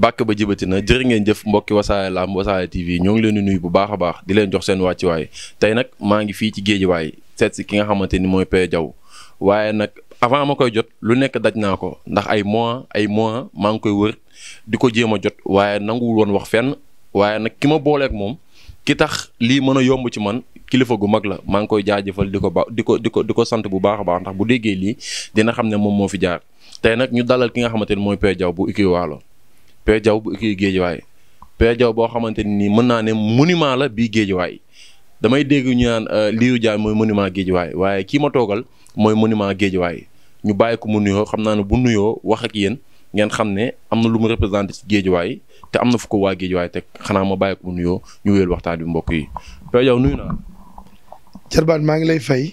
bàkk ba jibati na jër ngeen jëf mbokki wasaare lamb wasaare TV ñoo ngi leen di bu baax a baax di leen jox seen wàccuwaay tey nag maa ngi fii ci géejiwaay seet si ki nga xamante ni mooy Père Diaw waaye nag avant ma koy jot lu nekk daj naa ko ndax ay mois ay mois maa ngi koy wër di ko jéem a jot waaye nanguwul woon wax fenn waaye nag ki ma booleeg moom ki tax lii mën a yomb ci man kilifa gu mag la maa ngi koy jaajëfal di ko ba di ko di ko di ko sant bu baax a baax bu déggee lii dina xam ne moom moo fi jaar tey nag ñu dalal ki nga xamante ni mooy Père jaw bu Ikri Père Diaw bu kii géejawaay Père Diaw boo xamante ni mën naa ne monument la bii géejawaay damay dégg ñu naan euh, liiru Diane mooy monument géejawaay waaye kii ma toogal mooy monument géejawaay ñu bàyyi ko mu nuyoo xam naa ne bu nuyoo wax ak yéen ngeen xam ne am na lu mu représenté ci géejawaay te am na fu ko waa waay teg xanaa ma bàyyi ko mu nuyoo ñu wéyal waxtaan bi mbokk yi Père Diaw nuyu naa. Jarbaat maa ngi lay fay.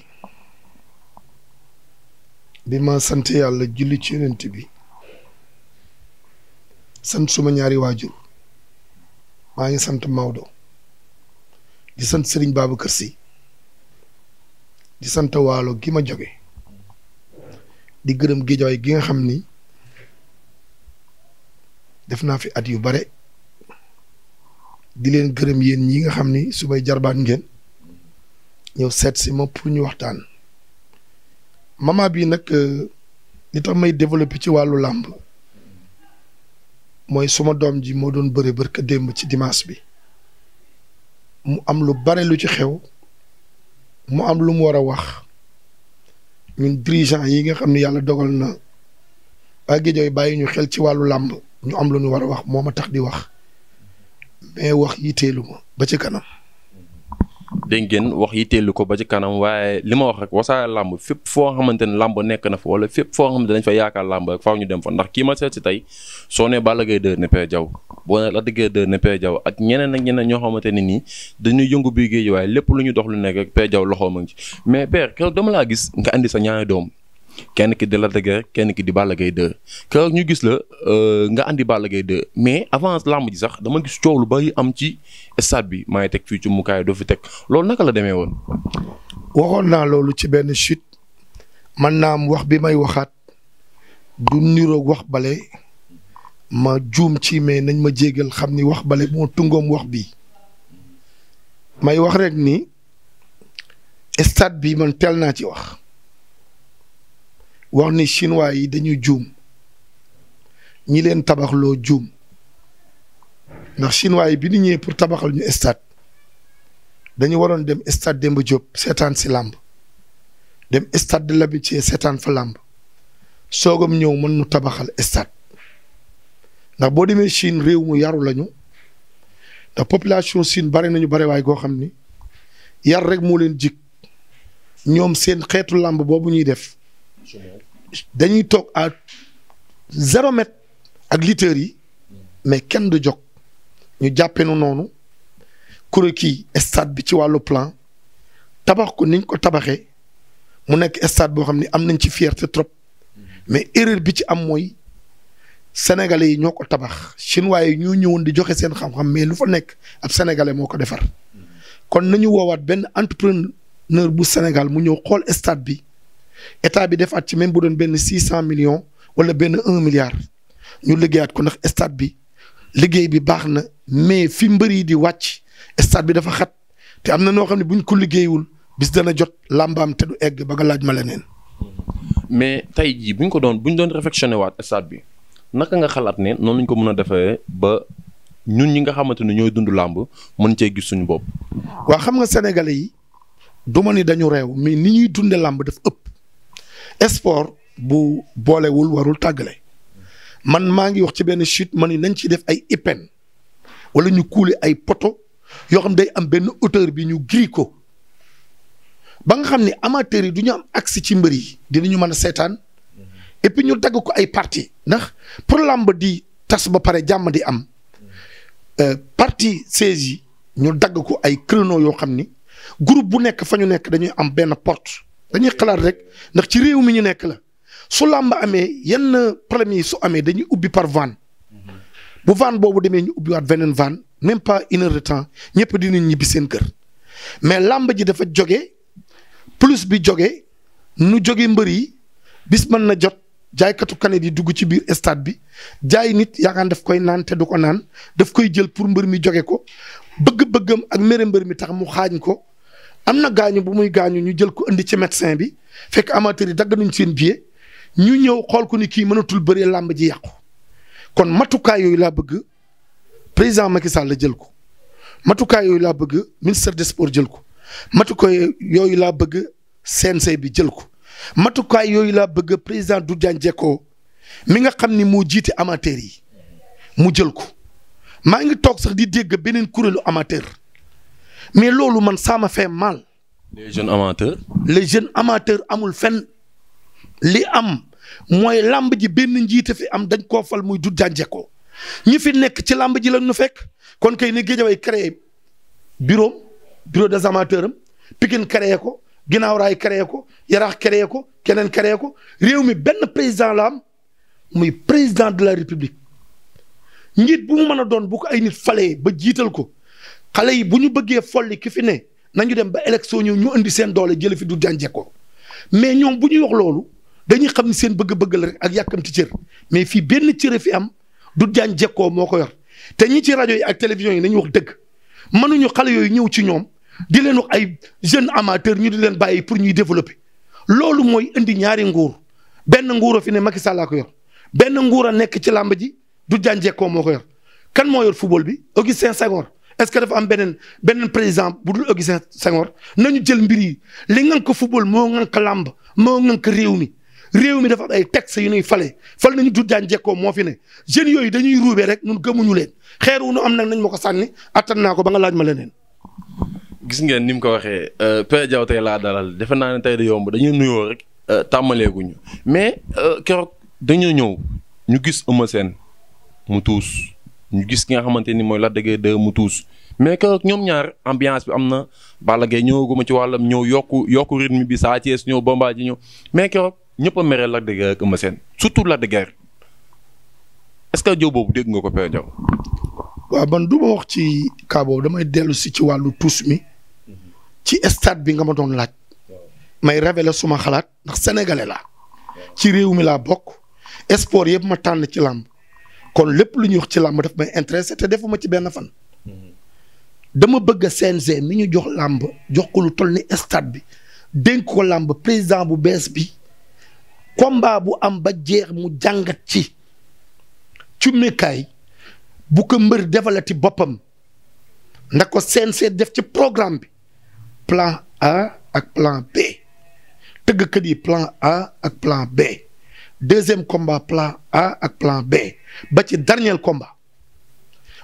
bi ma sant yàlla julli ci yonent bi sant suma ñaari waajur maa ngi sant Maodo di sant Serigne Babacar si di sant waalo gi ma jóge di gërëm géejawaay gi nga xam ni def naa fi at yu bare di leen gërëm yéen ñi nga xam ni su jarbaat ngeen ñëw seet si ma pour ñu waxtaan mama bi nag euh, li tax may développé ci wàllu làmb mooy suma doom ji moo doon bëre bërka démb ci dimaas bi mu am lu bare lu ci xew mu am lu mu war a wax ñun dirigeant yi nga xam ni yàlla dogal na waa Géejawaay bàyyi ñu xel ci wàllu làmb ñu am lu ñu war a wax moo a tax di wax mais wax yiteelu ma ba ci kanam dégg ngeen wax yi teelu ko ba ci kanam waaye li ma wax rek wasaare làmb fépp foo xamante ne làmb nekk na fa wala fépp foo xamante dañ fa yaakaar làmb rek faaw ñu dem fa ndax kii ma seet si tey soo nee Balla Gaye 2 ne Père Diaw boo la Lac de Guiers 2 ne Père Diaw ak ñeneen ak ñeneen ñoo xamante ne nii dañuy yëngu biir géej waaye lépp lu ñu dox lu nekk rek jaw Diaw a ngi mais Père keroog dama laa gis nga indi sa ñaari doom kenn ki di Lac de Guiers kenn ki di Balla Gaye 2 keroog ñu gis la euh, nga andi Balla Gaye 2 mais avant làmb ji sax dama gis coow lu bari am ci stade bi maa ngi teg fii ci mukaay doo fi teg loolu naka la demee woon. waxoon naa loolu ci benn chute man naa am wax bi may waxaat du niroog wax bale ma juum ci mais nañ ma jégal xam ni wax bale moo tungoom wax bi may wax rek ni stade bi man teel naa ci wax. wax ni chinois yi dañu juum ñi leen tabaxloo juum ndax chinois yi bi ñu ñëwee pour tabaxal ñu stade dañu waroon dem stade Demba Diop seetaan si làmb dem stade de l'Amitié seetaan fa làmb soogam ñëw mën nu tabaxal stade ndax boo demee Chine réew mu yaru lañu ndax population Chine bare nañu bare waay goo xam ni yar rek mu leen jig ñoom seen xeetu làmb boobu ñuy def dañuy toog à zéro mètre ak lutteurs yi mais kenn du jog ñu jàppee nu noonu kuréel kii stade bi ci wàllu plan tabax ko niñ ko tabaxee mu nekk stade boo xam ne am nañ ci fierté trop mais erreur bi ci am mooy sénégalais yi ñoo ko tabax chinois yi ñoo ñëwoon di joxe seen xam-xam mais lu fa nekk ab sénégalais moo ko defar kon nañu woowaat benn entrepreneur bu Sénégal mu ñëw xool stade bi. état bi defaat ci même bu doon benn six cent wala benn un milliard ñu liggéeyaat ko ndax stade bi liggéey bi baax na mais fi mbër yi di wàcc stade bi dafa xat te am na noo xam ne buñ ko liggéeyul bis dana jot làmbaam te du egg ba nga laaj ma leneen. mais tey jii buñ ko doon bu ñu doon réfectionné waat stade bi naka nga xalaat ne noonu lañ ko mën a defee ba. ñun ñi nga xamante ne ñooy dund làmb mën cee gis suñu bopp. waa xam nga sénégalais yi duma ni mais ni ñuy dunde làmb daf ëpp sport bu boolewul warul tàggale man maa ngi wax ci benn chute man ni nañ ci def ay ipène walla ñu kuule ay poto yoo xam day am benn hauteur bi ñu gri ko ba nga xam ni amateurs yi du ñu am accès ci mbër yi dinañu mën a seetaan et ñu dagg ko ay parti ndax pour làmb di tas ba pare jàmm di am euh, parti seize yi ñu dagg ko ay créneaux yoo xam ni groupe bu nekk fa ñu nekk dañuy am benn porte dañuy xalaat rek ndax ci réew mi ñu nekk la su làmb amee yenn problème yi su amee dañuy ubbi par van bu van boobu demee ñu ubbiwaat beneen van même pas une de temps ñëpp dinañ ñibbi seen kër mais làmb ji dafa joge plus bi jóge nu jóge mbër yi bis mën na jot jaaykatu kanet yi dugg ci biir stade bi jaay nit yaakaar daf koy naan te du ko naan daf koy jël pour mbër mi joge ko bëgg-bëggam ak mere mbër mi tax mu xaañ ko. am na gaañu bu muy gaañu ñu jël ko indi ci médecin bi fekk amateur yi dagg nañ seen billet ñu ñëw xool ko ni kii mënatul bëree làmb ji yàqu kon matukaay yooyu laa bëgg président Macky Sall la jël ko matukaay yooyu laa bëgg ministre des sports jël ko matukaay yooyu laa bëgg CNC bi jël ko matukaay yooyu laa bëgg président du Diagne Diecko mi nga xam ni moo jiite amateur yi mu jël ko maa ngi toog sax di dégg beneen kuréelu amateur. mais loolu man ça m'a fait mal. les jeunes amateurs. les jeunes amateurs amul fenn li am mooy làmb ji benn njiite fi am dañ koo fal muy du jànje ko ñi fi nekk ci làmb ji la ñu fekk kon kay ni Guédiawaye créé bureau bureau des amateurs am Pikine créé ko ginnaaw raay créé ko Yaraax créé ko keneen créé ko réew mi benn président la muy président de la république njiit bu mu mën a doon bu ko ay nit falee ba jiital ko xale yi bu ñu bëggee folli ki fi ne nañu dem ba élection ñëw ñu indi seen doole jële fi du jànjeekoo mais ñoom bu ñuy wax loolu dañuy xam ni seen bëgg-bëgg la rek ak yàkkamti cër mais fii benn cëre fi am du jànjeekoo moo ko yor te ñi ci rajo yi ak télévision yi nañu wax dëgg mënuñu xale yooyu ñëw ci ñoom di leen wax ay jeunes amateur ñu di leen bàyyi pour ñuy développer loolu mooy indi ñaari nguur benn nguur a fi ne Macky Sall laa ko yor benn nguur a nekk ci làmb ji du jànjeekoo moo ko yor kan moo yor football bi Augustin Senghor est que dafa am beneen beneen président bu dul Augustin Senghor nañu jël mbir yi li ngan ko football moo ngan ko làmb moo ngan ko réew mi réew mi dafa ay textes yu ñuy fale fal nañu jur jaan jekkoo moo fi ne jeunes yooyu dañuy ruubee rek ñun gëmuñu leen xeer wu ñu am nag nañ ma ko sànni attan naa ko ba nga laaj ma leneen. gis ngeen ni mu ko waxee euh, Père jaw tey laa dalal defe naa ne tey da yomb dañuy nuyoo rek euh, tàmmaleeguñu mais euh, keroog dañoo ñëw ñu gis Eumeu ñu gis ki nga xamante ni mooy Lac de Guiers mu tuus mais que ñoom ñaar ambiance bi am na balagee ñëw ñëwaguma ci wàllam ñëw yokku yokku rythme bi saa Thiès ñëw Bomba ji ñëw mais que ñëpp a mere Lac de Guiers ak Eumeu Sène surtout Lac de Guiers est-ce que jëw boobu dégg nga ko Père Diaw. waaw man wax ci cas boobu damay dellu ci wàllu tuus mi ci stade bi nga ma doon laaj may révéler suma xalaat ndax sénégalais la ci réew mi laa bokk sport yëpp ma tànn ci làmb kon lépp lu ñuy wax ci làmb daf may intéressé te defuma ci benn fan. dama bëgg a CNG mi ñu jox làmb jox ko lu toll ni stade bi dénk ko làmb président bu bees bi komba bu am ba jeex mu jàngat ci cummikaay bu ko mbër defalati boppam nda ko seen CNG def ci programme bi plan A ak plan B tëggkat yi plan A ak plan B. deuxième combat plan A ak plan B ba ci dernier combat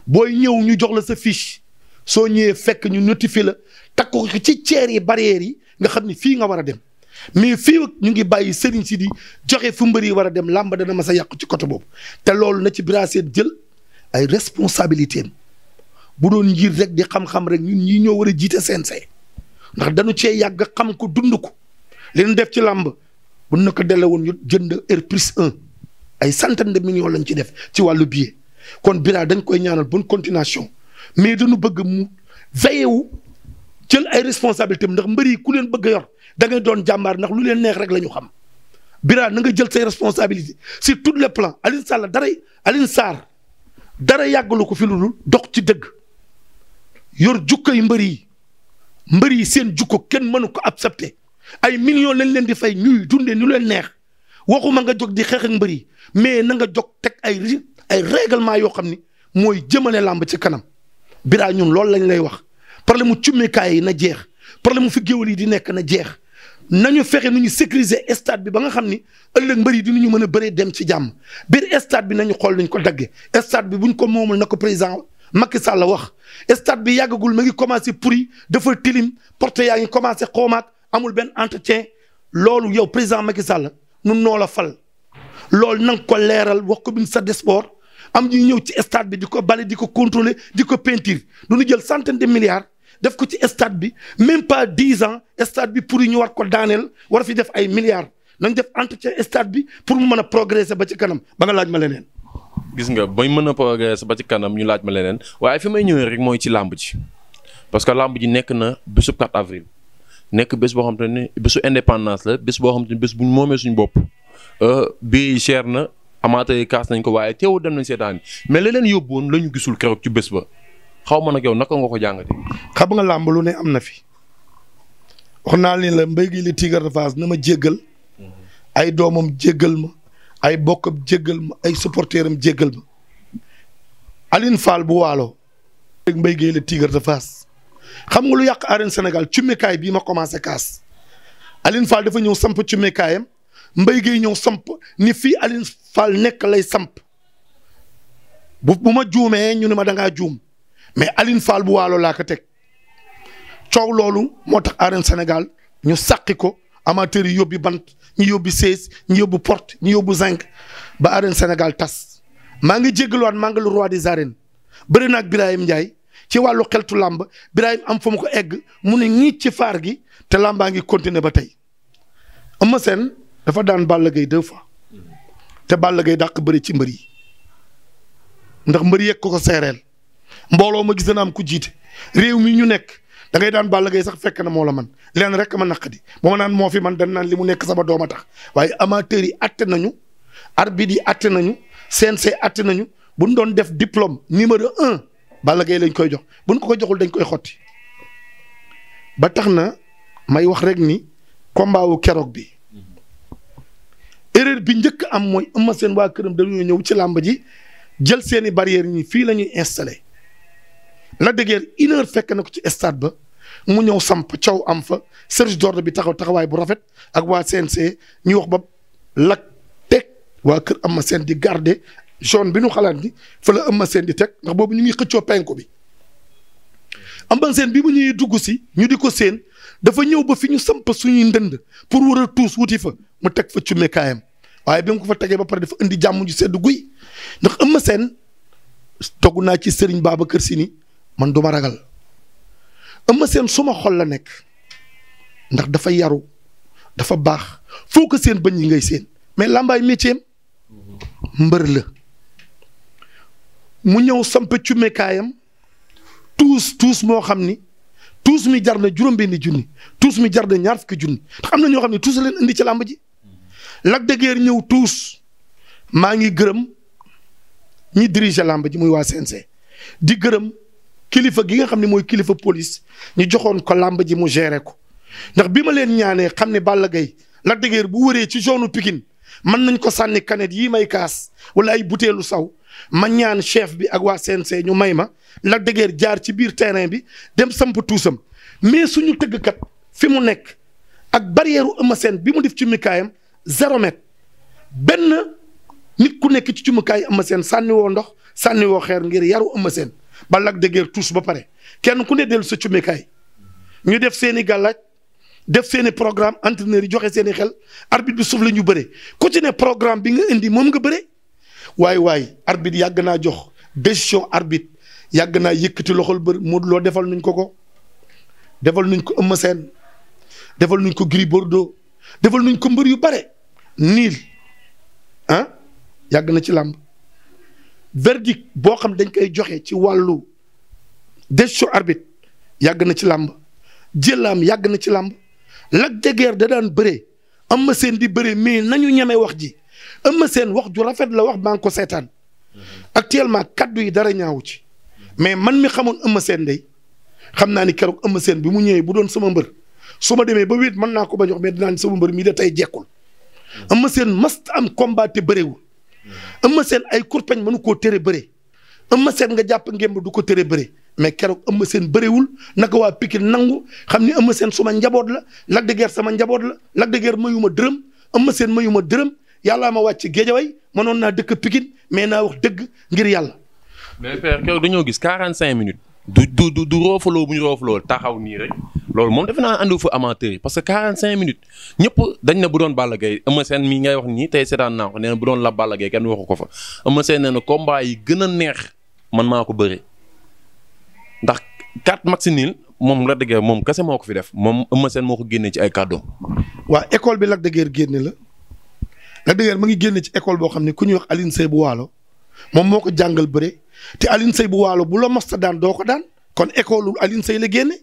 booy ñëw ñu jox la sa fiche soo ñëwee fekk ñu fi la takk ko ci ceer yi barrières yi nga xam ni fii nga war a dem mais fii ñu ngi bàyyi sëriñ si di joxe fu yi war a dem làmb dana ma sa yàqu ci côté boobu te loolu na ci brasser jël ay responsabilité am bu doon njiit rek di xam-xam rek ñun ñi ñoo war a jiite seen ndax dañu cee yàgg xam ko dund ko li ñu def ci làmb bu na ko delloo woon ñu jënd heure plus un ay centaine de millions lañ ci def ci wàllu billet kon Bira dañ koy ñaanal bon continuation mais dañu bëgg mu veillé wu jël ay responsabilités ndax mbër yi ku leen bëgg yor da ngay doon jàmbaar ndax lu leen neex rek la ñu xam Bira na nga jël say responsabilités sur tous les plans Alioune Sall dara Alioune Sarr dara yàggalu ko fi lu dul dox ci dëgg yor jukka yi mbër yi mbër yi seen jukko kenn mënu ko accepter ay millions lañ leen di fay ñuy dundee ñu leen neex waxuma nga jog di xeex mbëri mais na nga jóg teg ay ay règlement yoo xam ni mooy jëmale làmb ci kanam biraa ñun loolu lañ lay wax problème mu cummikaay yi na jeex problème mu fi géwél yi di nekk na jeex nañu fexe nu ñu sécuriser stade bi ba nga xam ni ëllëg mbër yi ñu mën a bëree dem ci jàmm biir stade bi nañu xool nuñ ko daggee stade bi buñ ko moomul na ko président Macky Sall wax stade bi yàggagul ma ngi commencé pourri dafa tilim porte yaa ngi commencé xoomaat amul benn entretien loolu yow président Macky Sall nun noo la fal loolu nang ko leeral wax ko ministre des sports am ñuy ñëw ci stade bi di ko bale di ko contrôler di ko peinture du ñu jël centaine de milliards def ko ci stade bi même pas dix ans stade bi pour ñu war ko daaneel war fi def ay milliards nañ def entretien stade bi pour mu mën a progresser ba ci kanam ba nga laaj ma leneen. gis nga bañ mën a progresser ba ci kanam ñu laaj ma leneen waaye fi may ñëwee rek mooy ci làmb ji parce que làmb ji nekk na bésub 4 avril. nekk bés boo xam te ne bésu indépendance la bés boo xam te ne bés bu ñu moomee suñu bopp euh, bii cher na amateur yi kaas nañ ko waaye teewul dem nañ seetaan mais la leen yóbbuwoon la ñu gisul keroog ci bés ba xaw ma nag yow naka nga ko jàngate xam nga làmb lu ne am na fi wax naa leen la mbéy gi li Tigre na ma jéggal mhm. ay doomam jéggal ma ay bokkam jéggal ma ay supporteram jéggal ma Aline Fall bu waaloo. mbéy gi la Tigre de Fass xam nga lu yàq arène Sénégal cummikaay bii ma commencé kaas Aline Fall dafa ñëw samp cummikaayam mbay Guèye ñëw samp ni fii Aline Fall nekk lay samp bu ma juumee ñu ne ma da juum mais Aline Fall bu waalo laa ko teg coow loolu moo tax arène senegal ñu sàqi ko amateurs yi yóbbi bant ñu yóbbi sées ñu yóbbu porte ñu yóbbu zinc ba arène Sénégal tas maa ngi jégaluwaat maa ngi le roi des arènes bëri na ak Birahim Ndiaye ci wàllu xeltu làmb Birahim am fa mu ko egg mu ne nii ci faar gi te làmbaa ngi continuer ba tey ama Sène dafa daan Balla gay defois te Balla gay dàq bëri ci mbër yi ndax mbër yegg ko ko seereel mbooloo ma gis am ku jiite réew mi ñu nekk da ngay daan Balla Gaye sax fekk na moo la man lenn rek ma naqadi moo ma naan moo fi man dan naan li mu nekk sama doom a tax waaye amateurs yi atte nañu arbitre yi atte nañu seen CNC atte nañu bu ñu doon def diplôme numéro un Balla Gaye lañ koy jox bu ñu ko ko joxul dañ koy xotti ba tax na may wax rek ni combat wu keroog bi erreur bi njëkk am mooy Eumeu Sène waa këram dañoo ñëw ci làmb ji jël seeni barrières ñi fii la ñuy installé la dëggeer une fekk na ko ci estade ba mu ñëw samp caw am fa service d'ordre bi taxaw taxawaay bu rafet ak waa CNC ñuy wax ba lag teg waa kër Eumeu seen di garde zone bi nu xalaat ni fa la ëmma seen di teg ndax boobu ñu ngi xëccoo penku bi ëmma seen bi bu ñuy dugg si ñu di ko seen dafa ñëw ba fi ñu samp suñuy ndënd pour war a tuus wuti fa mu teg fa cumme kaayam waaye bi mu ko fa tegee ba pare dafa indi jàmm ju sedd guy ndax ëmma seen togg naa ci sëriñ kër Si ni man duma ma ragal ëmma seen suma xol la nekk ndax dafa yaru dafa baax foo ko seen bëñ yi ngay seen mais làmbaay métier mbër la mu ñëw samp cummekaayam tuus tuus moo xam ni tuus mi jar na juróom-benni junni tuus mi jar na ñaar fukki junni ndax am na ñoo xam ne tuus leen indi ci làmb ji. Lac de ñëw tuus maa ngi gërëm ñi diriger làmb ji muy waa CNG di gërëm kilifa gi nga xam ne mooy kilifa police ñu joxoon ko làmb ji mu gérer ko ndax bi ma leen ñaanee xam ne Balla Gaye Lac de Guiers bu wëree ci zone Pikine mën nañ ko sànni kanet yii may kaas wala ay butéelu saw ma ñaan chef bi ak waa CNC ñu may ma la dëgër jaar ci biir terrain bi dem samp tuusam mais suñu tëggkat fi mu nekk ak barrière Eumeu Sène bi mu def ci mikaayam zéro mètre benn nit ku nekk ci cumukaay Eumeu Sène sànni woo ndox sànni xeer ngir yaru Eumeu Sène ba Lac de Guiers tuus ba pare kenn ku ne dellu sa cumikaay ñu def seeni gàllaaj def seeni programme entraîneur yi joxe seeni xel arbitre bi suuf la ñu bëre ku programme bi nga indi moom nga bëre waaye waay arbitre yàgg naa jox décision arbitre yàgg naa yëkkati loxol bër Modou Lo defal nuñ ko ko defal nuñ ko Eumeu Sène defal nuñ ko Gris Bordeaux defal nuñ ko mbër yu bare niil ah yàgg na ci làmb verdict boo xam dañ koy joxe ci wàllu décision arbitre yàgg na ci làmb jëlaam yàgg na ci làmb Lac de Guiers da daan bëree Eumeu Sène di bëree mais nañu ñeme wax ji Eumeu seen wax ju rafet la wax baa ngi ko seetaan mhm. actuellement kaddu yi dara ñaawu ci mais man mi xamoon Eumeu seen day xam naa ni keroog Eumeu seen bi mu ñëwee bu doon sama mbër su ma demee ba wéet mën naa ko ba jox mais dinaa sama mbër mii da tey jekkul mhm. Eumeu seen mast am combat te bëreewul mhm. Eumeu Sène ay kurpeñ mënu koo tere bëree Eumeu Sène nga jàpp ngemb du ko tere bëree mais keroog Eumeu seen bëriwul naka waa Pikine nangu xam ni Eumeu seen suma njaboot la Lac de Guiers sama njaboot la Lac de Guiers mayuma dërëm Eumeu Sène mayuma dërëm yàllaa ma wàcc géejaway mënoon naa dëkk Pikine mais naa wax dëgg ngir yàlla. mais père keroog dañoo gis 45 minutes. du du du du roofaloo bu ñu roofaloo taxaw nii rek loolu moom defe naa andu fa amateur yi parce que 45 minutes ñëpp dañ ne bu doon Balla Gaye Eumeu Sène mii ngay wax nii tey seetaan naa ko nee na bu doon la Balla Gaye kenn waxu ko fa Eumeu Sène nee na combat yi gën a neex man maa ko bëre ndax quatre match nul moom la dëggee moom kese moo ko fi def moom Eumeu Sène moo ko génnee ci ay kàddoom. waa école bi Lac de Guiers génne la Lac de ma ngi génne ci école boo xam ne ku ñuy wax Alioune bu waalo moom moo ko jàngal bëre te Alioune bu waalo bu la masta daan doo ko daan kon école Alioune Seye la génne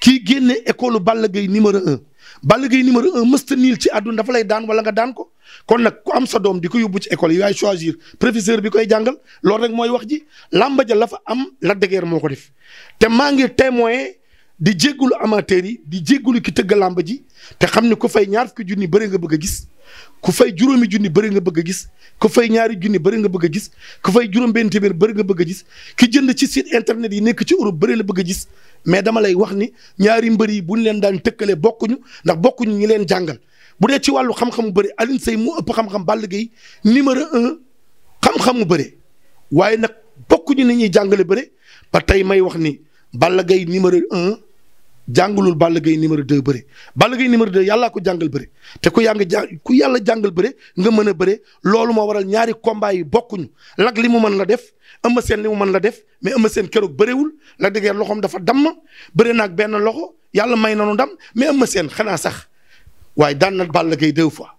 kii génne école Balla Gaye numéro un Balla Gaye numéro un mësta niil ci àdduna dafa lay daan wala nga daan ko. kon nag ku am sa doom di ko yóbbu ci école yi yaay choisir professeur bi koy jàngal loolu rek mooy wax ji làmba ja lafa am la deger moo ko def te maa ngi témoin di jéggulu amateur yi di jéggulu ki tëgg làmba ji te xam ne ku fay ñaar fukki junni bëri nga bëgg a gis ku fay juróomi junni bëri nga bëgg gis ku fay ñaari junni bëri nga bëgg a gis ku fay juróom benn téeméer bari nga bëgg a gis ki jënd ci site internet yi nekk ci Europe bari la bëgg a gis mais dama lay wax ni ñaari mbër yi bu ñu leen daan tëkkalee bokkuñu ndax bokkuñu ñi leen jàngal bu dee ci wàllu xam-xamu bëri Alioune Seye mu ëpp xam-xam Balla Gaye numéro un xam-xamu bëri waaye nag bokkuñu ni ñuy jàngale bëri ba tey may wax ni Balla Gaye numéro un jàngalul Balla Gaye numéro deux bëri Balla Gaye numéro deux yàllaa ko jàngal bëri te ku yaa ngi jàng ku yàlla jàngal bëri nga mën a bëri loolu moo waral ñaari combat yi bokkuñu lag li mu mën la def Eumeu seen li mu mën la def mais Eumeu seen keroog bëriwul Lac de loxoom dafa damm bëri naag benn loxo yàlla may nanu ndam mais Eumeu Sène xanaa sax waaye daan na Balla Gaye deux fois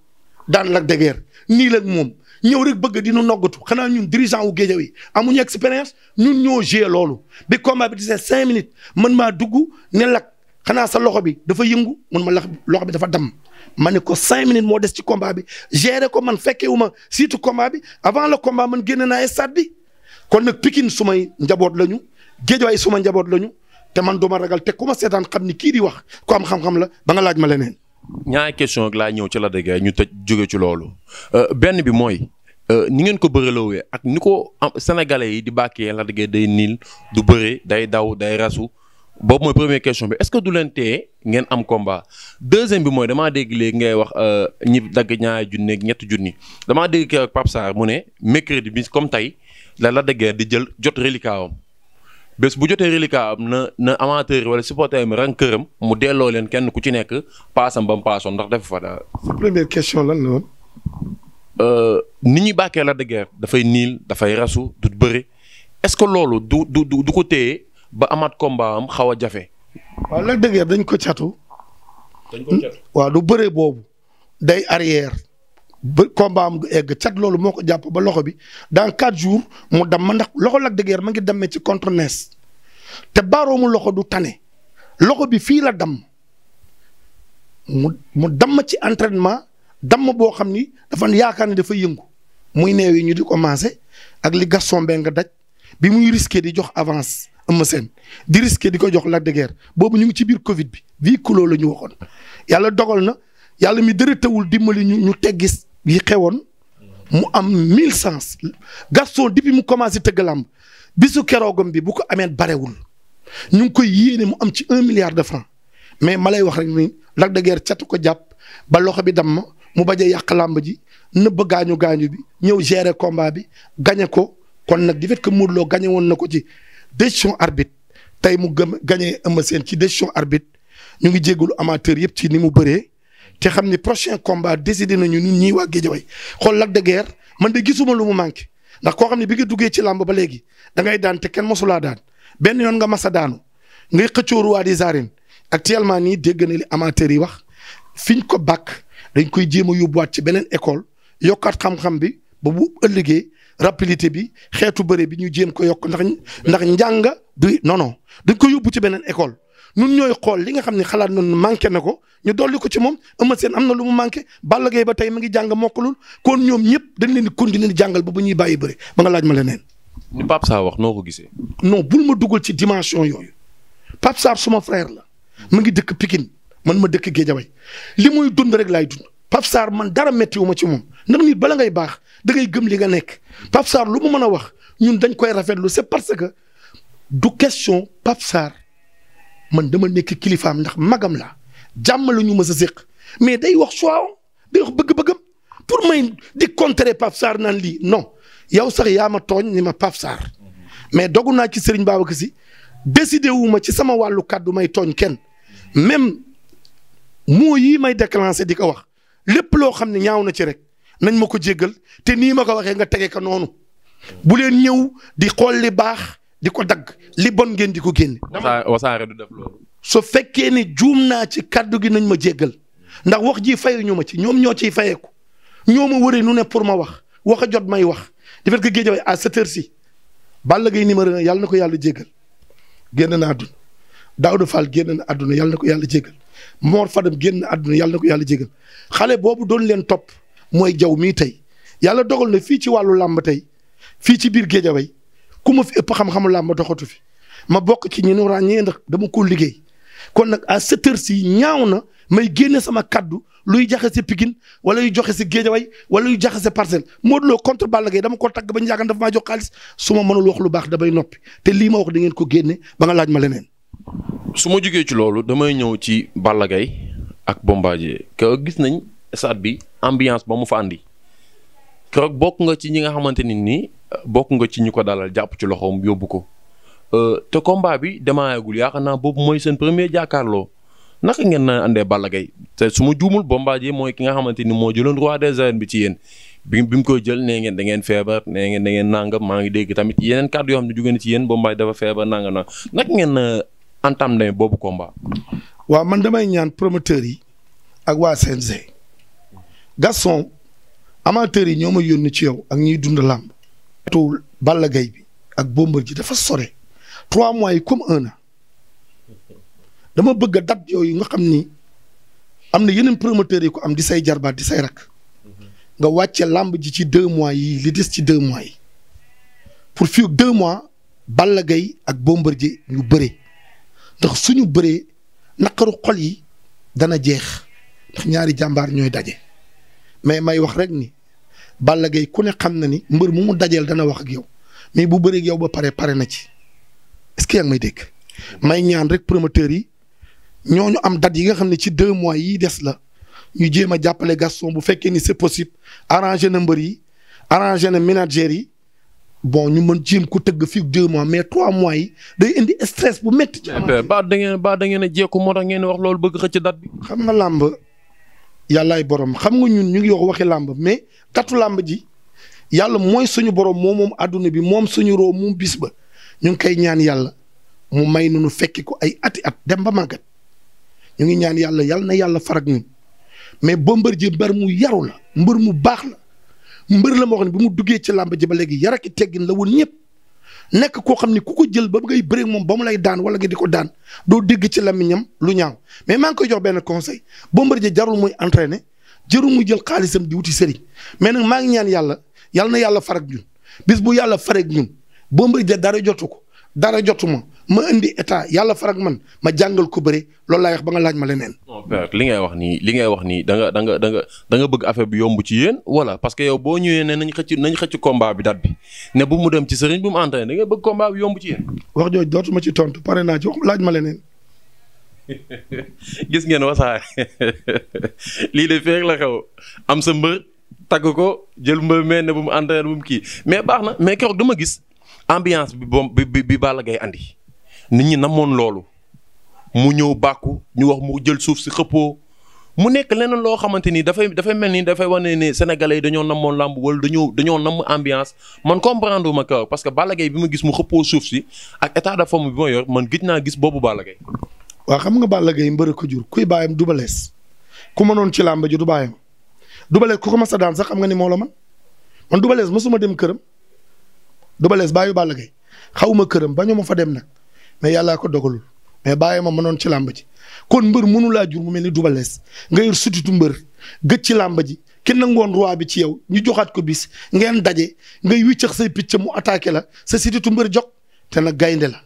daan la degeer nii la moom ñëw rek bëgg dina noggatu xanaa ñun dirigeant wu géejaw yi amuñu expérience ñun ñoo gée loolu bi combat bi di cinq minutes man maa dugg ne lak xanaa sa loxo bi dafa yëngu mën ma loxo bi dafa damm ma ne ko cinq minutes moo des ci combat bi gérer ko man fekkee wu ma surtout combat bi avant la combat man génne naa stade kon nag Pikine sumay njaboot lañu géejawaay suma njaboot lañu te man duma ragal te ku ma seetaan xam ni kii di wax ku am la ba nga laaj ma leneen. ñaari question ak laa ñëw ci la dëgg ñu tëj jóge ci loolu euh, benn bi mooy euh, ni ngeen ko bërelawee ak ni ko am sénégalais yi di bàkkee la dëgg day niil du bëree day daw day rasu boobu mooy première question bi est-ce que du leen tee ngeen am combat deuxième bi mooy damaa dégg léegi ngay wax euh, ñi dagg ñaari junni ak ñetti junni damaa dégg kii ak Pape mu ne mercredi bi comme tey la la dëgg di jël jot reliquat am bés bu jotee reliquat am na na amateur wala supporter mi rang këram mu delloo leen kenn ku ci nekk paasam ba mu paasoon ndax def fa daal. sa question lan la woon. Euh, nit ñi bàkkee la de dafay niil dafay rasu du bëri est-ce que loolu du du du ko téye ba amaat combat am xaw a jafe. waaw la de dañ ko catu. dañ ko catu hmm? waaw du bëree boobu day arrière. ba combat am du egg cat loolu moo ko jàpp ba loxo bi dans quatre jour mu dam ma ndax loxo Lac de Guiers ma ngi demee ci contre te baaroomu loxo du tane loxo bi fii la damm mu mu damm ci entraînement damm boo xam ni dafa yaakaar ni dafa yëngu muy neew yi ñu di commencé ak li Gaston Mbengue daj bi muy risqué di jox avance Eumeu Sène di risqué di ko jox la de boobu ñu ngi ci biir Covid bi bii kuloo la ñu waxoon yàlla dogal na yàlla mi dërëtawul dimbali ñu ñu teggis yi xewoon mu am mille sens Gaston depuis mu commencé tëgg làmb bisu keroogam bi bu ko amee barewul ñu ngi koy yéene mu am ci un milliard de francs mais ma lay wax rek ni Lac de Guiers ko jàpp ba loxo bi damm mu bañ a yàq làmb ji nëbb gaañu gaañu bi ñëw gérer combat bi gañe ko kon nag di fait gañe woon na ko ci décision arbitre tey mu gëm gañee Eumeu Sène ci décision arbitre ñu ngi jégalu amateur yëpp ci ni mu bëree te xam ni prochain combat décidé nañu ñun ñuy waa Guédiawaye xool Lac de Guiers man de gisuma lu mu manqué ndax koo xam ne bi nga duggee ci làmb ba léegi da ngay daan te kenn mosulaa daan. benn yoon nga masa daanu ngay xëccoo roi des arènes actuellement nii dégg na li amateurs yi wax fiñ ko bàkk dañ koy jéem a yóbbuwaat ci beneen école yokkaat xam-xam bi ba bu ëllëgee rapidité bi xeetu bëre bi ñu jéem ko yokk ndax ndax njàng du nono non dañ ko yóbbu ci beneen école nun ñooy xool li nga xam ne xalaat noonu manqué na ko ñu dolli ko ci moom Eumeu Sène am na lu mu manqué Balla Gaye ba tey mu ngi jàng mokkalul kon ñoom ñëpp dañ leen di continuer di ba bu ñuy bàyyi bëre ma nga laaj ma leneen li Pape Sarr wax noo ko gisee. non bul ma dugal ci dimension yooyu Pape Sarr suma frère la mu ngi dëkk pikin man ma dëkk Guédiawaye li muy dund rek laay dund Pape Sarr man dara méttiwu ma ci moom ndax nit bala ngay baax da gëm li nga nekk Pape lu mu mën a wax ñun dañ koy rafetlu c'est parce que du question Pape Sarr man dama nekk kilifaam ndax magam la jàmm la ñu mës a séq mais day wax choix day wax bëgg-bëggam pour may di contrer Pape Sarr naan lii non. yow sax yaa ma tooñ ni ma Pape Sarr mais dogu naa ci Serigne Babacar Sy décidé wu ma ci sama wàllu kàddu may tooñ kenn même moo yii may déclenché di ko wax lépp loo xam ne ñaaw na ci rek nañ ma ko jéggal te nii ma ko waxee nga tege ko noonu bu leen ñëw di xool li baax di ko dagg li bon ngeen di ko génne. wasaare du def loolu. fekkee ne juum naa ci kàddu gi nañ ma jéggal ndax wax ji ñu ma ci ñoom ñoo ciy fayeeku ñoo ma waree nu ne pour ma wax wax a jot may wax. di fekk Guédiawaye à cette si ci Balla Gaye numéro 1 yàlla na ko yàlla jéggal génn na àdduna Daouda Fall génn na àdduna yàlla na ko yàlla jéggal Mor Fadam génn na àdduna yàlla na ko yàlla jéggal xale boobu doon leen topp mooy jaw mii tey yàlla dogal na fii ci wàllu làmb tey fii ci biir Guédiawaye ku ma fi ëpp xam-xamu làmb doxatu fi ma bokk ci ñi ñu ràññee ndax dama ko liggéey kon nag à cette heure ñaaw na may génne sama kàddu luy jaxase Pikine wala yu joxe si Guédiawaye wala yu jaxase Parcelles Modou Lo contre Balla Gaye dama ko tagg ba ñu dafa maa jox xaalis su ma mënul wax lu baax damay noppi te lii ma wax da ngeen ko génne ba nga laaj ma leneen. su ma jógee ci loolu damay ñëw ci Balla ak Bombardier keroog gis nañ stade bi ambiance ba mu fa àndi keroog bokk nga ci ñi nga xamante ni nii euh, bokk nga ci ñu ko dalal jàpp ci loxoom yóbbu ko euh, te combat bi demaayagul yaakaar naa boobu mooy seen premier jàkkaarloo. naka ngeen na andee Balla Gaye te su ma juumul Bombardier mooy ki nga xamante ni moo jëloon roi des arènes bi ci yéen bi bi mu koy jël nee ngeen da ngeen feebar nee ngeen da ngeen nangam maa ngi dégg tamit yeneen kàddu yoo xam ne jóge na ci yéen Bombardier dafa feebar nangam nag naka ngeen na entamé boobu combat. waaw man damay ñaan promoteur yi ak waa CNG Gaston amateurs yi ñoo ma yónni ci yow ak ñuy dund làmb. tuul Balla Gaye bi ak Bombardier ji dafa sore trois comme un dama bëgg a dat yooyu nga xam ni am na yeneen promoteurs yi ko am di say jarbaat di say rak nga wàcce làmb ji ci deux mois yi li des ci deux mois yi pour fii deux mois Balla Gaye ak ji ñu bëree ndax suñu bëree naqaru xol yi dana jeex ndax ñaari jàmbaar ñooy daje mais may wax rek ni Balla Gaye ku ne xam na ni mbër mu mu dajeel dana wax ak yow mais bu bëree ak yow ba pare pare na ci est yaa ngi may dégg may ñaan rek promoteurs yi. ñoo ñu am date yi nga xam ne ci deux mois yii des la ñu jéem a jàppale Gaston bu fekkee ni c'est possible arrangé na mbër yi arrangé na ménagères yi bon ñu mën jéem ku tëgg fii deux mois mais trois mois yi day indi stress bu métti. ci ba da ngeen ba da ngeen a jékku moo tax ngeen wax loolu bëgg xëcc date bi. xam nga làmb yàllaay borom xam nga ñun ñu ngi wax waxi làmb mais tatu làmb ji yàlla mooy suñu borom moom moom adduna bi moom suñu roo moom bis ba ñu ngi koy ñaan yàlla mu may nu nu fekki ko ay ati at dem ba màggat. ñu ngi ñaan yàlla yàlla na yàlla farag ñun mais Bombardier mbër mu yaru la mbër mu baax la mbër la moo xam ne bu mu duggee ci làmb ji léegi yar ak teggin la woon ñëpp nekk koo xam ne ku ko jël ba ngay bëre moom ba mu lay daan wala nga ko daan doo dégg ci làmmiñam lu ñaaw mais maa ngi koy jox benn conseil Bombardier jarul muy entraîner jarul muy jël xaalisam di wuti sëriñ mais nag maa ngi ñaan yàlla yàlla na yàlla farag ñun bis bu yàlla farag ñun Bombardier dara jotu ko dara jotu ma ma indi état yàlla farag man ma jàngal ko bëre loolu laay wax ba nga laaj ma leneen. li ngay wax nii li ngay wax nii da nga da nga da nga da bëgg affaire bi yomb ci yéen wala parce que yow boo ñëwee ne nañ xëcc nañ xëcc combat bi date bi ne bu mu dem ci sëriñ bu mu entraîné da nga bëgg combat bi yomb ci yéen. wax jooju dootuma ci tontu pare naa ci laaj ma leneen. gis ngeen wasaare lii de feeg la xew am sa mbër tagg ko jël mbër mee ne bu mu entraîné bu mu kii mais baax na mais keroog dama gis ambiance bi bom bi bi Balla Gaye andi. nit ñi namoon loolu mu ñëw bàkku ñu wax mu jël suuf si xëppoo mu nekk leneen loo xamante ni dafay dafay mel ni dafay wane ne sénégalais yi dañoo namoon làmb wala dañoo dañoo namm ambiance man comprendre ma kaw parce que Balla Gaye bi ma gis mu xëppoo suuf si ak état de forme bi ma yor man gëj naa gis boobu Balla Gaye waaw xam nga Balla Gaye mbër ko jur kuy bàyyam du balees ku mënoon ci làmb ji du bàyyam du balees ku ko mas a sax xam nga ni moo la man man du dem këram du balees bàyyu Balla Gaye xawma këram bañu ma fa dem nag mais yàllaa ko dogalul mais bàyyi ma mënoon ci làmb ci kon mbër mënu laa jur mu mel ni Double Less nga yor sutitu mbër ci làmb ji kenn nangoon roi bi ci yow ñu joxaat ko bis ngeen daje ngay wiccax say mu attaqué la sa sutitu mbër jog te nag gaynde la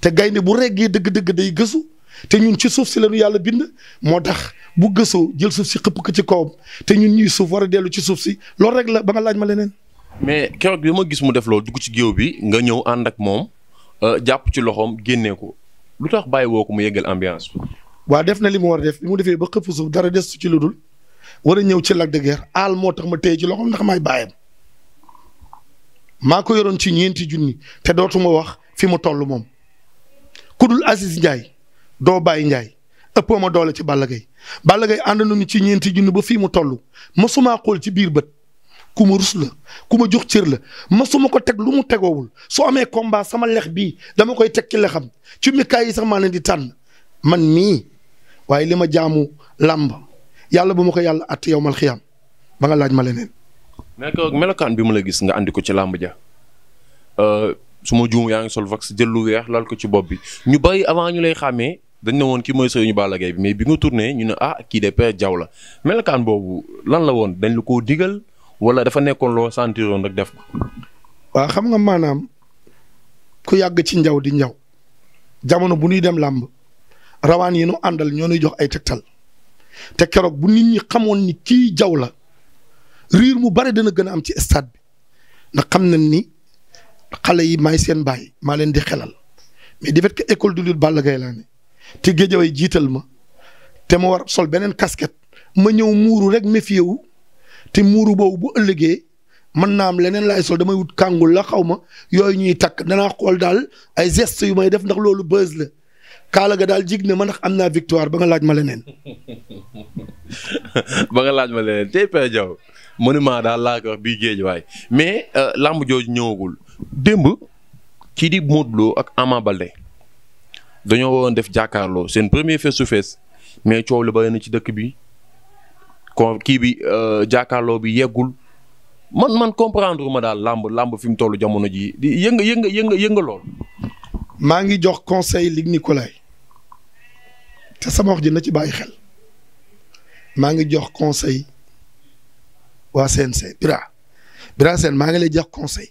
te gaynde bu reggee dëgg day gësu te ñun ci suuf si lañu yàlla bind moo tax bu gësoo jël suuf si xëpp ko ci kawam te ñun ñuy suuf war a dellu ci suuf si loolu rek la ba nga laaj ma leneen. mais keroog bi ma gis mu def loolu dugg ci géew bi nga ñëw ànd ak moom. Euh, jàpp ci loxoom génnee ko lu tax bàyyi woo ko mu yeggal ambiance waa def na li mu war a def bi mu defee ba xëpp suuf dara des ci lu dul war a ñëw ci Lac de Guiers aal moo tax ma téye ci loxoom ndax maay bàyyam maa ko yoroon ci ñeenti junni te dootuma wax fi mu toll moom ku dul Aziz Ndiaye doo bàyyi Ndiaye ëppoo ma doole ci Balla Gaye Balla Gaye ànd nañu ci ñeenti junni ba fii mu toll mosuma xool ci biir bët. ku ma rus la ku ma jox cër la ma su ma ko teg lu mu tegoowul soo amee combat sama lex bi dama koy teg ci lexam ci mikaay yi sax maa leen di tànn man mii waaye li ma jaamu làmb yàlla bu ma ko yàlla at yow mal xiyaam ba nga laaj ma leneen. mais melokaan bi ma la gis nga àndi ko ci làmb ja euh, su ma juum yaa ngi sol vax jël lu weex lal ko ci bopp bi ñu bari avant ñu lay xàmmee dañ ne woon ki mooy sëriñu Balla Gaye bi mais bi nga tourné ñu ne ah kii de Père la melokaan boobu lan la woon dañ la koo digal. wala dafa nekkoon loo sentiroon rek def ko. xam nga maanaam ku yàgg ci njaw di njaw jamono bu ñuy dem làmb rawaan yi nu àndal ñoo nuy jox ay tegtal te keroog bu nit ñi xamoon ni kii jaw la riir mu bare dana gën a am ci stade bi ndax xam na ni xale yi may seen baay maa leen di xelal mais di fait que école de lutte Balla Gaye laa ne te géejaway jiital ma te ma war sol beneen casquette ma ñëw muuru rek méfié te muuru boobu bu ëllëgee mën naa am leneen laay sol damay wut kàngul la xaw ma yooyu ñuy takk danaa xool daal ay gest yu may def ndax loolu buzz la kaala ga daal jig na ma ndax am naa victoire ba nga laaj ma leneen. ba nga laaj ma leneen tey Père Diaw monument daal laa ko wax bii géej waay mais euh, làmb jooju ñëwagul démb kii di Modou ak Ama Baldé dañoo waroon def jàkkaarloo seen premier face to mais coow la bare na ci dëkk bi. kon kii bi euh, jàkkaarloo bi yeggul man man comprendre ma daal làmb làmb fi mu toll jamono ji yënga yënga yënga yënga lool. maa ngi jox conseil Luc Nicolaï te sama wax ji na ci bàyyi xel maa ngi jox conseil waa CNC Bira Bira Sène maa ngi lay jox conseil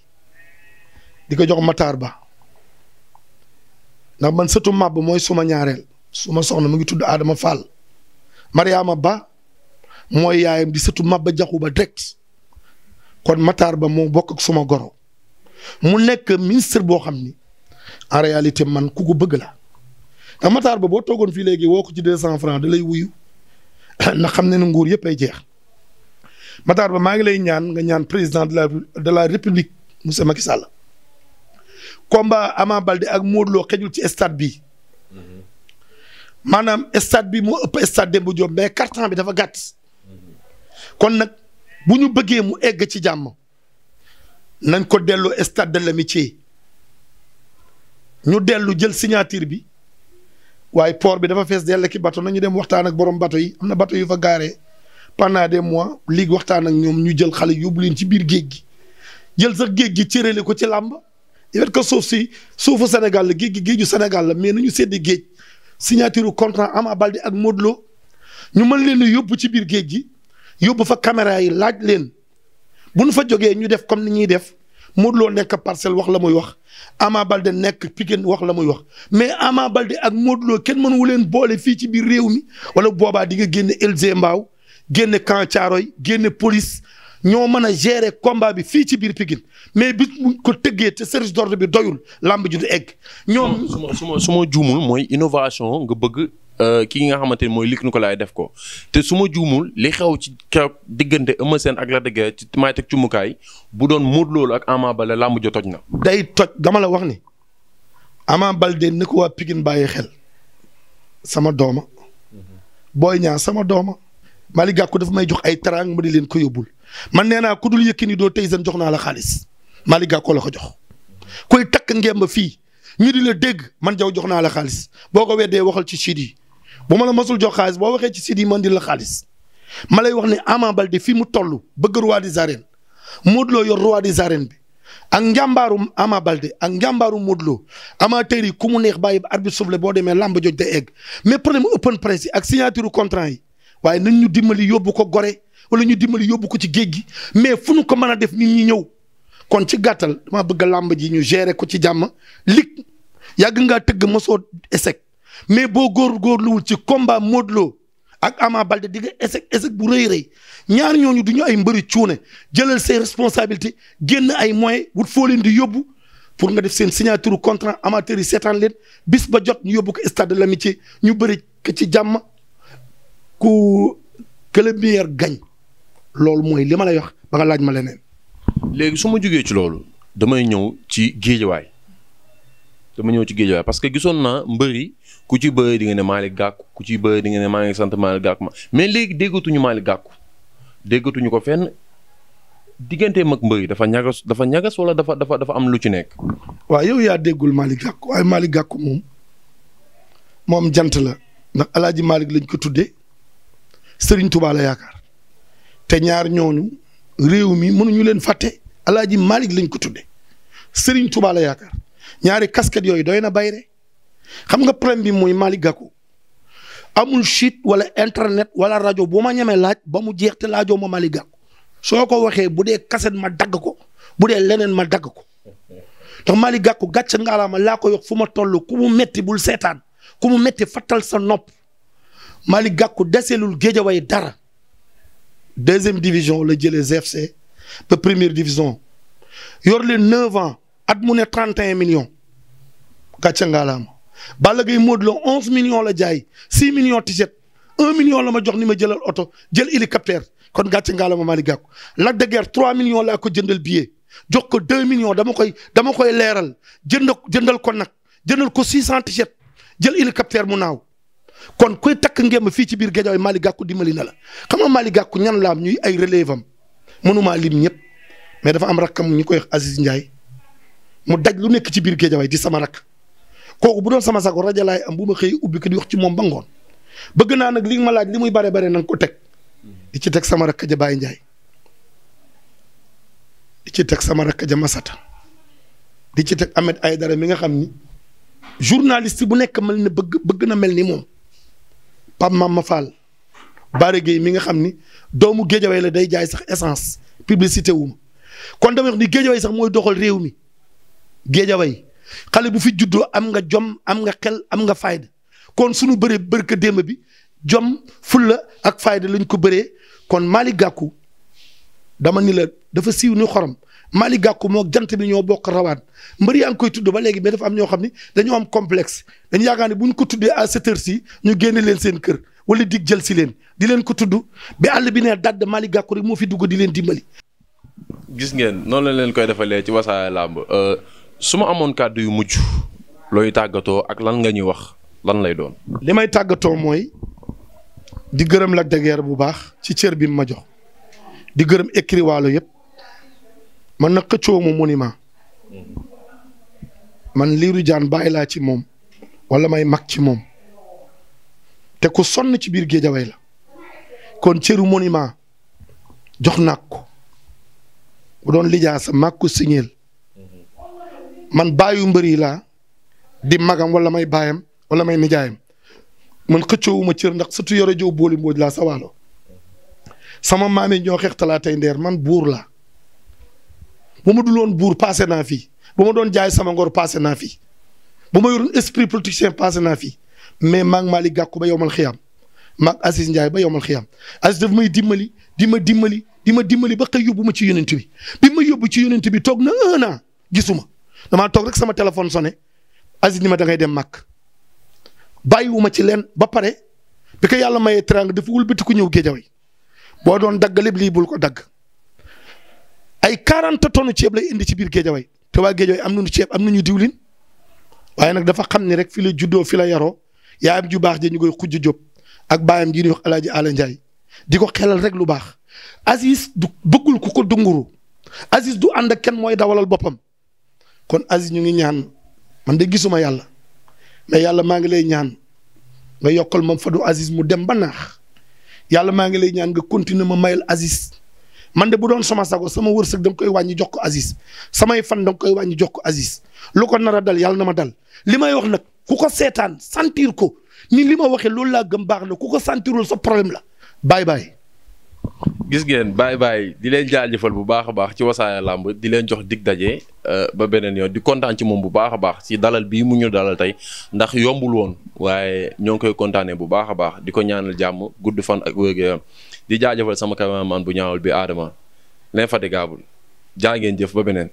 di ko jox Matar Ba ndax man sëtu màbb mooy suma ñaareel suma soxna mu ngi tudd Adama Fall Mariama Ba mooy yaay di sëtu ba Jaxu Ba direct kon Matar Ba moo bokk suma goro mu nekk ministre boo xam ni en réalité man ku ko bëgg la ndax Matar Ba boo toogoon fii léegi woo ko ci deux cent francs da lay wuyu ndax xam ne ne nguur yëpp ay jeex Matar Ba maa ngi lay ñaan nga ñaan président de la de la république monsieur Macky Sall combat Ama Balde ak Modou Lo xejul ci stade bi mm-hmm. maanaam stade bi moo ëpp stade Demba Diop mais carton bi dafa gàtt. kon nag bu ñu bëggee mu egg ci jàmm nañ ko dellu stade de l'amitié ñu dellu jël signature bi waaye poor bi dafa fees dell ki bato nañu dem waxtaan ak borom bato yi am na bato yu fa gaaree pendant des mois ligue waxtaan ak ñoom ñu jël xale yóbbu leen ci biir géej gi jël sax géej gi cërale ko ci làmb yéen ko suuf si suufu senegal la géej gi géeju Sénégal la mais nañu séddi géej signature contrat Ama Baldé ak Modou ñu mën leen yóbbu ci biir géej gi. yóbbu fa caméra yi laaj leen bu nu fa jógee ñu def comme ni ñuy def Modou Lo nekk parcelle wax la muy wax Ama de nekk Pikine wax la muy wax mais Ama Balde ak Modou Lo kenn mënu leen boole fii ci biir réew mi wala boobaa di nga génne Elze Mbaaw génne Camp Thiaroye génne police ñoo mën a gérer combat bi fii ci biir Pikine mais bis mu ko tëggee te service d'ordre bi doyul làmb ju du egg. ñoom su ma su mooy innovation nga bëgg. Euh, ki nga xamante ni mooy Luc Nicolaï def ko te su ma juumul li xew ci keroog diggante Eumeu seen ak Lac de Guiers may teg cumukaay bu doon Modou Lo ak Ama Baldé làmb jo toj na. day toj dama la wax ni Ama Baldé ni ko waa Pikine bàyyi xel sama dooma booy Niang sama dooma Mali Gakou dafa may jox ay taraang ma di leen ko yóbbul man nee naa ku dul Yékini doo tey seen jox naa la xaalis Mali Gakou la ko jox koy takk ngemb fii ñu di la dégg man jaw jox naa la xaalis boo ko weddee waxal ci siid bu ma la masul jox xaalis boo waxee ci site yi man di la xaalis ma lay wax ne Ama Baldé fii mu toll bëgg roi des arènes Modou yor roi des arènes bi ak njàmbaaru Ama Baldé ak njàmbaaru Modou Lo yi ku mu neex bàyyi ba arbitre souffle boo demee làmb joj day egg mais problème open press yi ak signature contrat yi waaye nañ ñu dimbali yóbbu ko gore wala ñu dimbali yóbbu ko ci géej gi mais fu ñu ko mën a def nit ñi ñëw kon ci gàttal ma bëgg làmb ji ñu geere ko ci jàmm lig yàgg ngaa tëgg mosoo échec mais boo góor góorgóorluwul ci combat Modou ak Ama Baldé di nga échec bu rëy rëy ñaar ñooñu du ñu ay mbëri cuune jëlal say responsabilité génn ay moye wut foo leen di yóbbu pour nga def seen signature contrat amateur yi seetaan leen bis ba jot ñu yóbbu ko stade de l'amitié ñu bëri ci jàmm ku que le meilleur loolu mooy li ma lay wax ba nga laaj ma leneen. léegi su ma jugee ci loolu damay ñëw ci géejawaay dama ñëw ci géejawaay parce que gisoon naa mbëri yi ku ci bëre di nga ne Malick Gakou ku ci bëre di nga ne maa ngi sant Malick Gakou ma mais léegi déggatuñu Malick Gakou déggatuñu ko fenn diggante mag mbër yi dafa ñagas dafa ñagas wala dafa dafa dafa am lu ci nekk. waaw yow yaa déggul Malick Gakou waaye Malick Gakou moom moom jant la ndax El Hadj Malick lañ ko tuddee Serigne Touba la yaakaar te ñaar ñooñu réew mi mënuñu leen fàtte El Hadj lañ ko tuddee Serigne Touba yaakaar ñaari casquette yooyu doy na bayre xam nga problème bi mooy Malick Gakou amul site wala internet wala rajo bu ma ñemee laaj ba mu jeex te laajoo ma Malick Gakou soo ko waxee bu dee kaset ma dagg ko bu dee leneen ma dagg ko ndax Malick Gakou gàcce ngaalaama laa ko yox fu ma toll ku mu metti bul seetaan ku mu metti fattal sa nopp Malick Gakou deselul géejawaay dara deuxième division la jëlee GFC ba première division yor leen neuf ans at mu ne trente et million millions gàcce ngaalaama Balla Gaye Modou Lo onze million la jaay six millions t-shirt un million la ma jox ni ma jëlal oto jël hélicoptère kon gàcce ngaa la ma Malick Gakou Lac de trois millions laa ko jëndal billet jox ko deux million dama koy dama koy leeral jënd jëndal ko nag jëndal ko six cent t jël hélicoptère mu naaw kon koy takk ma fii ci biir Guédiawaye Malick Gakou dimali na la xam nga Malick Gakou ñan laam ñuy ay relève am mënumaa lim ñëpp mais dafa am rakkam ñu koy wax Ndiaye mu daj lu nekk ci biir Guédiawaye di sama rakk kooku bu doon sama sago rajo laay am bu ma xëy ubbi ko di wax ci moom ba ngoon bëgg naa nag li ma laaj li muy bare bare na nga ko teg di ci teg sama rakk ja Baye Ndiaye di ci teg sama rakk ja Masata di ci teg Ahmed Aydara mi nga xam ni journalist bu nekk mel ne bëgg bëgg na mel ni moom Pape ma Fall Bara Gueye mi nga xam ni doomu Géejawaay la day jaay sax essence publicité wu kon dama wax ni Géejawaay sax mooy doxal réew mi Géejawaay xale bu fi juddoo am nga jom am nga xel am nga fayda kon suñu bëree bërka démb bi jom fulla ak fayda lañ ko bëree kon maali Gakou dama ni la dafa siiw ni xorom Malick Gakou moo jant bi ñoo bokk rawaan mbër yaa ngi koy tudd ba léegi be dafa am ñoo xam ni dañoo am complexe dañu yaakaar ne bu ñu ko tuddee à cette si ñu génn leen seen kër wala dig jël si leen di leen ko tudd bi àll bi ne dadd Malick Gakou rek moo fi dugg di leen dimbali. gis ngeen noonu la leen koy defalee ci Wassare Lamb. Euh, su ma amoon kàddu yu mujj looy tàggatoo ak lan nga ñuy wax lan lay doon. li may tàggatoo mooy di gërëm la de bu baax ci cër bi ma jox di gërëm écrit waalo yëpp man na xëccoo mu monument man liiru jaan bàyyi laa ci moom wala may mag ci moom te ku sonn ci biir géejaway la kon cëru monument jox naa ko bu doon lijaasa mag ko signeel man baayu mbër yi laa di magam wala may baayam wala may nijaayam man ma cër ndax surtout yore jow booli mbooj laa sa sama maam yi ñoo xeex talaa tey man buur laa bu ma dul woon buur passé naa fi bu ma doon jaay sama ngor passé naa fi bu ma yoroon esprit politicien passé naa fi mais maa ngi Malick ba yowmal xiyaam maa ngi Aziz Ndiaye ba yowmal xiyaam Aziz daf may dimbali di ma dimbali di ma dimbali ba xëy yóbbu ma ci yonent bi bi ma yóbbu ci yonent bi toog na un gisuma damaa toog rek sama téléphone sonné Aziz ni ma da ngay dem màkk bàyyiwuma ci leen ba pare bi ko yàlla mayee teraanga dafa wëlbati ku ñëw géejawaay boo doon dagg lépp lii ko dagg ay 40 tonnes ceeb la indi ci biir géejawaay te waa géejawaay am nañu ceeb am nañu diwlin waaye nag dafa xam ni rek fi la juddoo fi la yaroo yaayam ju baax ja ñu koy xujj jóob ak baayam ji ñuy wax Ndiaye di ko xelal rek lu baax Aziz du bëggul ku ko dunguru Aziz du ànd ak kenn mooy dawalal boppam. kon Aziz ñu ngi ñaan man de gisuma yàlla mais yàlla maa ngi lay ñaan nga yokkal ma Fadou Aziz mu dem ba naax yàlla maa ngi lay ñaan nga continuer ma mayal Aziz man de bu doon sama sago sama wërsëg da nga koy wàññi jox ko Aziz samay fan da wàññi jox ko Aziz lu ko nar a dal yàlla na ma dal li may wax nag ku ko seetaan sentir ko ni li ma waxee loolu laa gëm baax na ku ko sentirul sa problème la baay bye. gis ngeen baay baay di leen jaajëfal bu baax a baax ci wasaaya làmb di leen jox dig daje euh, ba beneen yoon di kontaan ci moom bu baax a baax ci dalal bii mu ñu dalal tey ndax yombul woon waaye ñoo ngi koy kontaanee bu baax a baax di ko ñaanal jàmm gudd fan ak wér-gu-yaram di jaajëfal sama cameraman bu ñaawal bi Adama l'infatigable jaa ngeen jëf ba beneen.